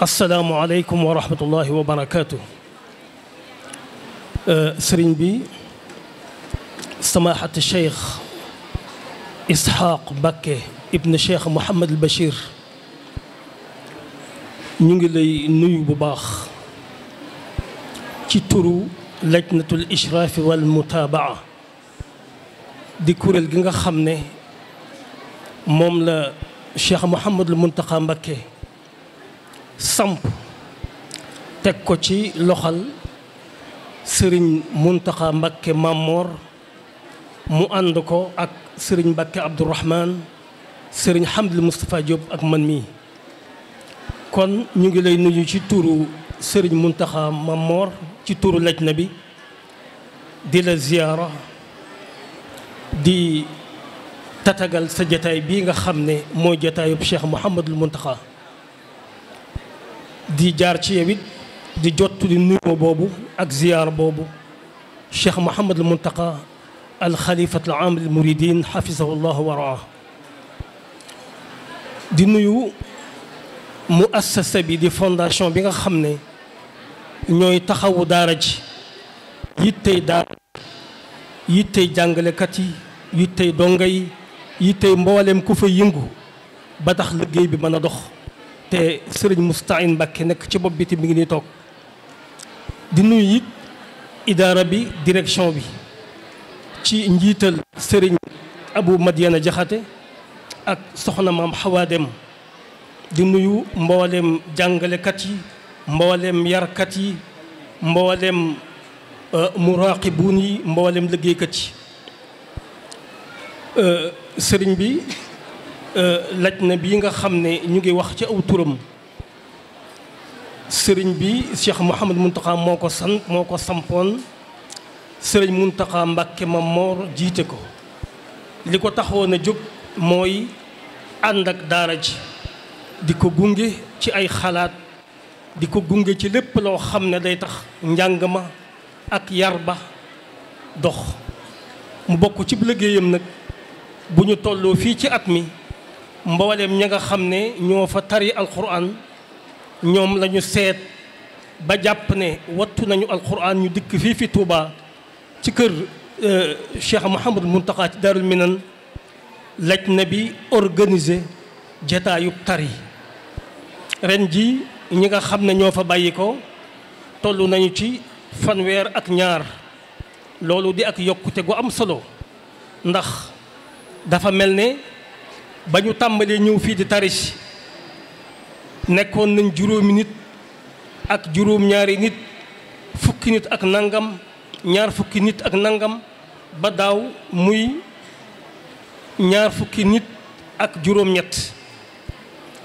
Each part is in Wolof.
asalaamualeykum wa rahmatullahi wa barakaatu. Euh, sëriñ bi samaahati cheikh Isxaaq Bakke ibn cheikh Mouhamad El Bachir ñu ngi lay nuyu bu baax ci turu lajnatul ishraafi wal mutaabaa di kuréel gi nga xam ne moom la cheikh Mouhamad El Muntaqa Mbakke. samp teg ko ci loxal sëriñ Muntaxa Mbakke Mamor mu ànd ko ak sëriñ Mbakke Abdourahman sëriñ Hamdul Moustapha Diop ak man mii kon ñu ngi lay nuyu ci turu sëriñ Muntaxa Mamor ci turu na bi di la ziyaara di tatagal sa jataay bii nga xam ne mooy jataayub Cheikh Mouhamadul Muntaxa di jaar ci yow di jottu di nuyoo boobu ak ziyaar boobu cheikh Mouhamadul Muntaqa al xalifatul aam lil muridin xafisahu di nuyu mu assasa bi di fondation bi nga xam ne ñooy taxawu daara ji yittey daara yittey jàngalekat yi yittey donga yi yittey mboolem ku fa yëngu ba tax liggéey bi mën a dox te sëriñ Moustahine Mbacké nekk ci bopp bi te ngi nii toog di nuyu it idaara bi direction bi ci njiital sëriñ Abou Madiana Jaxate ak soxna maam Xawa Dem di nuyu mboolem jàngalekat yi mboolem yarkat yi mboolem euh, muraaqibuun yi mboolem liggéeykat yi euh, sëriñ bi Euh, laj na bi nga xam ne ñu ngi wax ci aw turam sëriñ bi Cheikh Mouhamad Mountakha moo ko san moo ko sampoon sëriñ Mountakha Mbàkke Mamoor jiite ko li ko taxoon a jóg mooy ànd ak daara ji di ko gunge ci ay xalaat di ko gunge ci lépp loo xam ne day tax njàng ma ak yar ba dox mu bokk ci liggéeyam nag bu ñu tolloo fii ci at mi mboolem ña nga xam ne ñoo fa tari alquran ñoom lañu seet ba jàpp ne wattu nañu alquran ñu dikk fii fi Touba ci kër euh, Cheikh Mouhamadul Mountakha ci Daarul Minan laj na bi organiser jataayub tari ren ji ñi nga xam ne ñoo fa bàyyi ko toll nañu ci fanweer ak ñaar loolu di ak yokkute gu am solo ndax dafa mel ne ba ñu tàmbalee ñëw fii di taris nekkoon nañ juróomi nit ak juróom-ñaari nit fukki nit ak nangam ñaar fukki nit ak nangam ba daaw muy ñaar fukki nit ak juróom-ñett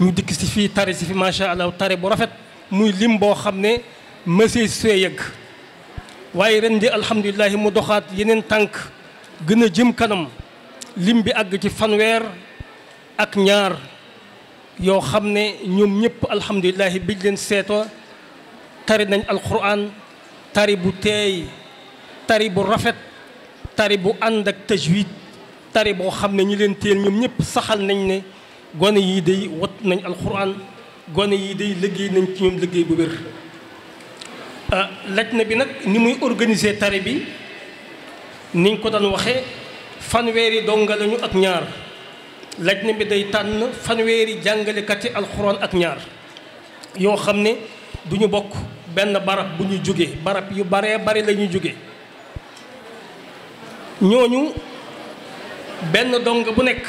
ñu dikk ci fii tari si fi macha allah tare bu rafet muy lim boo xam ne mësee see yëgg waaye ren di alhamdulilah mu doxaat yeneen tànk gën a jëm kanam lim bi àgg ci fanweer. ak ñaar yoo xam ne ñoom ñëpp alhamdulilahi biñ leen seetoo tari nañ alquran tari bu teey tari bu rafet tari bu ànd ak tajwid tari boo xam ne ñi leen teel ñoom ñëpp saxal nañ ne gone yi day wat nañ alquran gone yi day liggéey nañ ci ñoom liggéey bu wér euh, laj na bi nag ni muy organiser tari bi niñ ko daan waxee fanweeri donga lañu ak ñaar laj na bi day tànn fanweeri jàngalekati alxuraan ak ñaar yoo xam ne duñu bokk benn barab bu ñu jóge barab yu bare bari lañuy ñu jóge ñooñu benn dongo bu nekk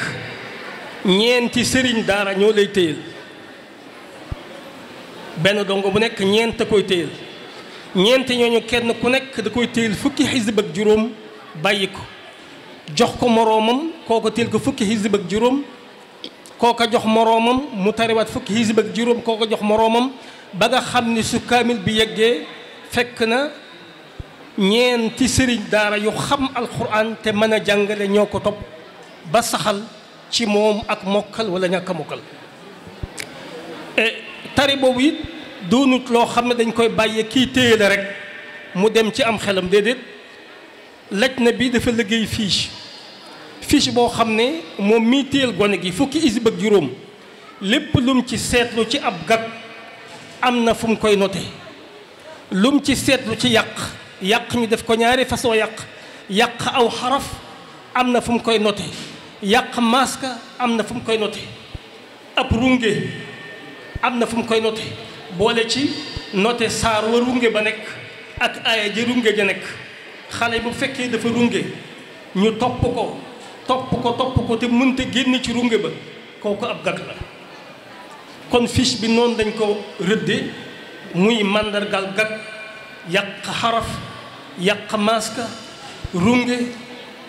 ñeenti sëriñ daara ñoo lay téyel benn dongo bu nekk ñeent a koy téyel ñeent ñooñu kenn ku nekk da koy téyel fukki xisib ak juróom bàyyi ko jox ko moroomam kooko teel ko fukki xisib ak juróom kooko jox moroomam mu tariwaat fukki xisib ak juróom koo ko jox moroomam ba nga xam ni su kaamil bi yeggee fekk na ñeenti sëriñ daara yu xam alxuraan te mën a jàngale ñoo ko topp ba saxal ci moom ak mokkal wala ñàkk a mokkal e, tari boobu it doonut loo xam ne dañ koy bàyyee kii téye la rek mu dem ci am xelam déedéet laj na bi dafa liggéey fiche fiche boo xam ne moom mii téel gone gi fukki isib ak juróom lépp lum ci seetlu ci ab gag am na fu mu koy noté lum ci seetlu ci yàq yàq ñu def ko ñaari façon yàq yàq aw xaraf am na fu mu koy noté yàq masque am na fu mu koy noté ab runge am na fu mu koy noté boole ci note saar wa runge ba nekk ak aaya ji runge ja nekk xale bu fekkee dafa runge ñu topp ko topp ko topp ko te mënta génn ci runge ba kooku ab gag la kon fiche bi noon dañ ko rëdde muy màndargal gag yàq xaraf yàq maska runge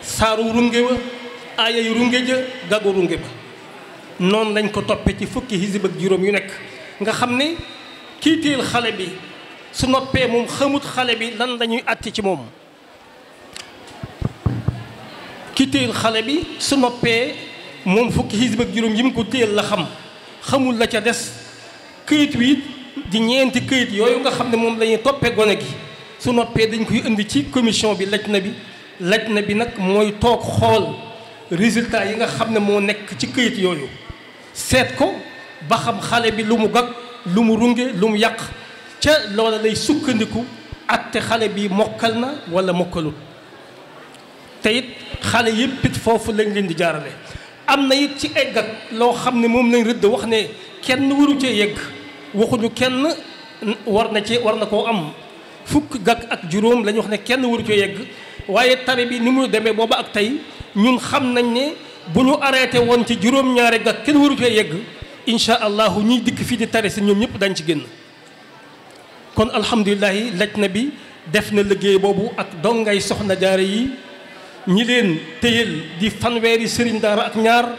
saaru runge wa aayay runge ja gagu runge ba noonu lañ ko toppee ci fukki xisib ak juróom yu nekk nga xam ne kiiteel xale bi su noppee moom xamut xale bi lan lañuy àtte ci moom ki téel xale bi su noppee moom fukki xisb ak juróom yi mu ko téel la xam xamul la ca des këyit wi di ñeenti këyit yooyu nga xam ne moom la toppee gone gi su noppee dañ koy indi ci commission bi laj na bi laj na bi nag mooy toog xool résultat yi nga xam ne moo nekk ci këyit yooyu seet ko ba xam xale bi lu mu gag lu mu runge lu mu yàq ca loola lay sukkandiku atte xale bi mokkal na wala mokkalul te it xale yëpp it foofu lañ leen di jaarale am na it ci ay eggat loo xam ne moom lañ rëdd wax ne kenn waru cee yegg waxuñu kenn war na ci war na koo am fukk gàkk ak juróom lañ wax ne kenn waru cee yegg waaye tari bi ni muy demee boobu ak tey ñun xam nañ ne bu ñu arrêté woon ci juróom-ñaari gàkk kenn waru cee yegg incha allahu ñiy dikk fii di tari si ñoom ñëpp dañ ci génn kon alhamdulilahi laj na bi def na liggéey boobu ak dongay soxna jaare yi ñi leen téyel di fanweeri sëriñ daara ak ñaar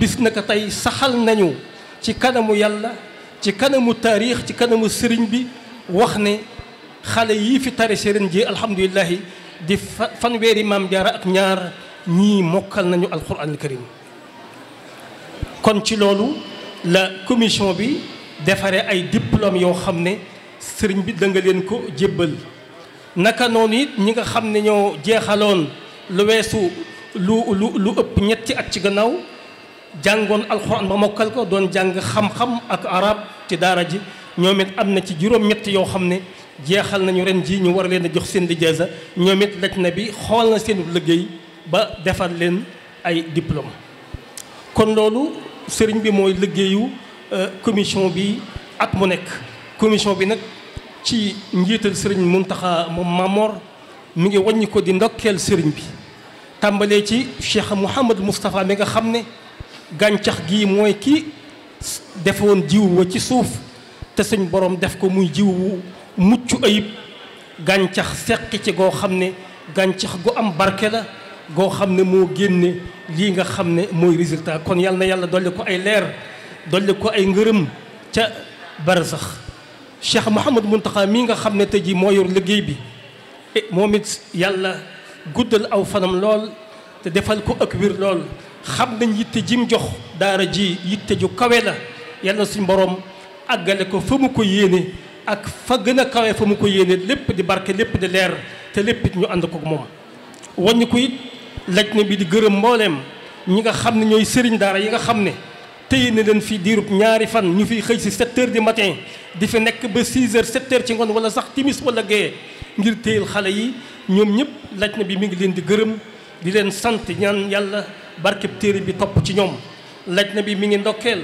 bis naka tey saxal nañu ci kanamu yàlla ci kanamu taarix ci kanamu sëriñ bi wax ne xale yii fi tari sëriñ ji alhamdulilahi di fanweeri maam jaara ak ñaar ñii mokkal nañu alquranal karim kon ci loolu la commission bi defaree ay diplôme yoo xam ne sëriñ bi danga leen ko jébbal naka noonu it ñi nga xam ne ñoo jeexaloon lu weesu lu lu ëpp ñetti at ci gannaaw jàngoon alxuraan ba mokkal ko doon jàng xam-xam ak arab ci daara ji ñoom it am na ci juróom-ñett yoo xam ne jeexal nañu ren ji ñu war a leen a jox seen lijaasa ñoomit it laj na bi xool na seenu liggéey ba defar leen ay diplôme kon loolu sëriñ bi mooy liggéeyu euh, commission bi ak mu nekk commission bi nag ci njiital sëriñ Muntaxa moom Mamor mi ngi wàññi ko di ndokkeel sëriñ bi tàmbalee ci Cheikh Mouhamad Moustapha mi nga xam ne gàncax gii mooy ki defoon jiw wa ci suuf te suñ borom def ko muy jiw wu mucc ayib gàncax seq ci goo xam ne gàncax gu am barke la goo xam ne moo génne lii nga xam ne mooy résultat kon yal na yàlla dolli ko ay leer dolli ko ay ngërëm ca bare barsax Cheikh Mouhamad Mountakha mii nga xam ne tey jii moo yor liggéey bi. moom it yàlla guddal aw fanam lool te defal ko ak wir lool xam nañ yitte jim jox daara ji yitte ju kawe la yàlla suñ borom àggale ko fa mu ko yéene ak fa gën a kawe fa mu ko yéene lépp di barke lépp di leer te lépp ñu ànd ko moom wàññi ko it laj na bi di gërëm mbooleem ñi nga xam ne ñooy sëriñ daara yi nga xam ne téye na leen fi diirub ñaari fan ñu fi xëy si 7 heures matin di fi nekk ba 6 heures 7 heures ci ngoon wala sax timis wala gée ngir téyel xale yi ñoom ñëpp laj na bi mi ngi leen di gërëm di leen sant ñaan yàlla barkeb téere bi topp ci ñoom laj na bi mi ngi ndokkeel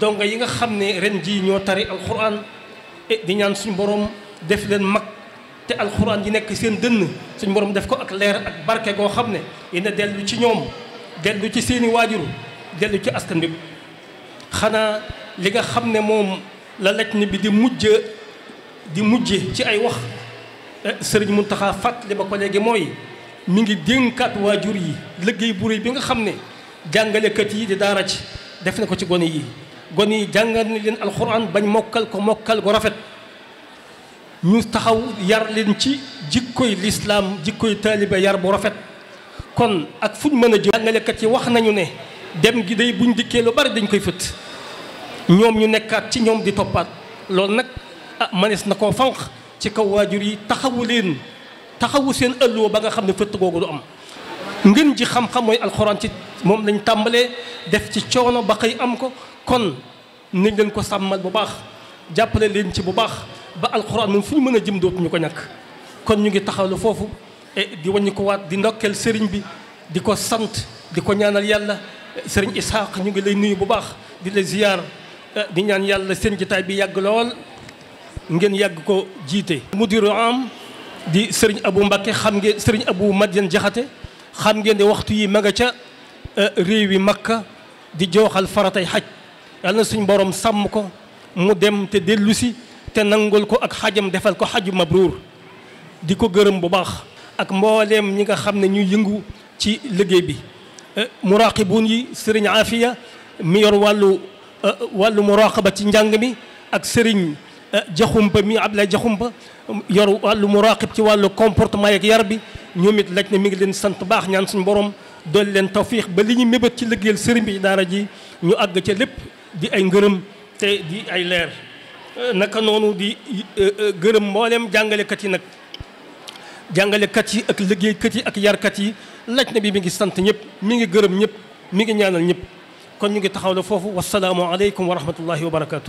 donga yi nga xam ne ren jii ñoo tari alxuraan e di ñaan suñu borom def leen mag te alxuraan yi nekk seen dënn suñu borom def ko ak leer ak barke goo xam ne dina dellu ci ñoom dellu ci seeni waajur dellu ci askan bi xanaa li nga xam ne moom la laj ni bi di mujj di mujj ci ay wax eh, sëriñ Muntaxa fàttali ba ko léegi mooy mu ngi dénkaat waajur yi liggéey bu réy bi nga xam ne jàngalekat yi di daara ci def na ko ci gone yi gone yi jàngal na leen alxuraan bañ mokkal ko mokkal gu rafet ñu taxaw yar leen ci jikkoy lislaam jikkoy taalibe yar bu rafet kon ak fuñ mën a jël jàngalekat yi wax nañu ne dem gi bu buñ dikkee lu bari dañ koy fëtt ñoom ñu nekkaat ci ñoom di toppaat loolu nag ah na koo fanq ci kaw waajur yi taxawu leen taxawu seen ëlloo ba nga xam ne fëtt googu lu am ngën ji xam-xam mooy alxuraan ci moom lañ tàmbalee def ci coono ba xëy am ko kon nañ leen ko sàmmal bu baax jàppale leen ci bu baax ba alxuraan moom fu ñu mën a jëm dootuñu ko ñàkk kon ñu ngi taxaw la foofu e di waññi ko waat di ndokkeel sëriñ bi di ko sant di ko ñaanal yàlla sëriñ Isaac ñu ngi lay nuyu bu baax di la ziyaar eh, di ñaan yàlla seen jotaay bi yàgg lool ngeen yàgg ko jiite. mu mudiru am di sëriñ abu Mbacké xam ngeen sëriñ abu Madiane Diakhaté xam ngeen di waxtu yi ma ca eh, réew yi Makka di jooxal faratay xaj yàlla suñ boroom sàmm ko mu dem te dellu si te nangool ko ak xajam defal ko xaju mabruur di ko gërëm bu baax. ak mbooleem ñi nga xam ne ñuy yëngu ci liggéey bi. Eh, muraaqibuun yi sëriñ Afia mi yor wàllu eh, wàllu muraqaba ci njàng mi ak sëriñ jaxumpa eh, mi Abdoulaye jaxumpa yor wàllu muraqib ci wàllu comportement yeeg yar bi ñoom it lañ ne mi ngi leen sant baax ñaan suñu borom dool leen tawfiix ba li ñuy mébét ci liggéeyal sëriñ bi daara ji ñu àgg ca lépp di ay ngërëm te di ay leer naka noonu di gërëm mbooleem jàngalekat yi nag jàngalekat yi ak liggéeykat yi ak yarkat yi laj na bi mi ngi sant ñëpp mi ngi gërëm ñëpp mi ngi ñaanal ñëpp kon ñu ngi taxaw la foofu wasalaamu aleykum wa rahmatullahi wa barakaatu.